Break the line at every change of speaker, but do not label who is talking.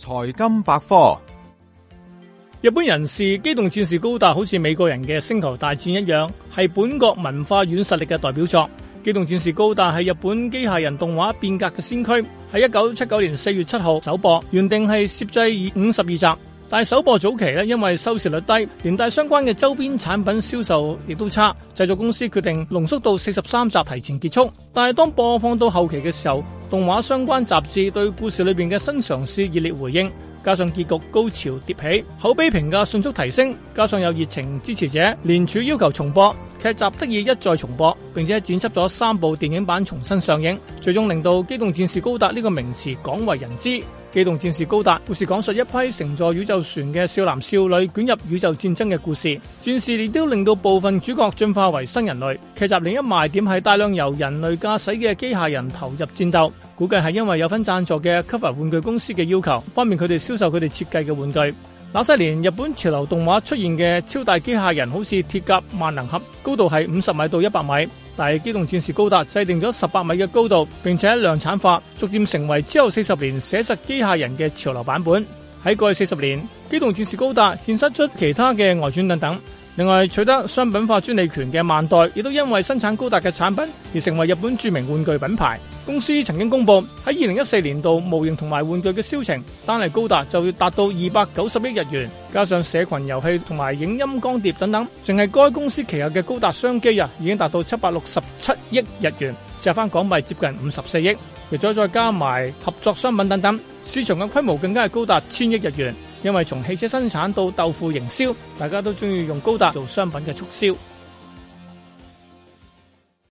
財金百科，日本人視機動戰士高達好似美國人嘅星球大戰一樣，係本國文化軟實力嘅代表作。機動戰士高達係日本機械人動畫變革嘅先驅，喺一九七九年四月七號首播，原定係攝製五十二集。但首播早期咧，因為收視率低，連帶相關嘅周邊產品銷售亦都差，製作公司決定濃縮到四十三集提前結束。但係當播放到後期嘅時候，動畫相關雜誌對故事裏邊嘅新嘗試熱烈回應，加上結局高潮迭起，口碑評價迅速提升，加上有熱情支持者聯署要求重播。劇集得以一再重播，並且剪輯咗三部電影版重新上映，最終令到《機動戰士高達》呢個名詞廣為人知。《機動戰士高達》故事講述一批乘坐宇宙船嘅少男少女捲入宇宙戰爭嘅故事。戰士亦都令到部分主角進化為新人類。劇集另一賣點係大量由人類駕駛嘅機械人投入戰鬥。估計係因為有份贊助嘅 cover 玩具公司嘅要求，方便佢哋銷售佢哋設計嘅玩具。那些年日本潮流動畫出現嘅超大機械人，好似鐵甲萬能俠，高度係五十米到一百米，但係機動戰士高達制定咗十八米嘅高度，並且量產化，逐漸成為之後四十年寫實機械人嘅潮流版本。喺過去四十年，機動戰士高達現身出其他嘅外傳等等。另外取得商品化專利權嘅萬代，亦都因為生產高達嘅產品而成為日本著名玩具品牌。公司曾經公布喺二零一四年度模型同埋玩具嘅銷情，單嚟高達就要達到二百九十億日元，加上社群遊戲同埋影音光碟等等，淨係該公司旗下嘅高達商機啊，已經達到七百六十七億日元，借翻港幣接近五十四億，而再再加埋合作商品等等，市場嘅規模更加係高達千億日元。因為從汽車生產到豆腐營銷，大家都鍾意用高達做商品嘅促銷。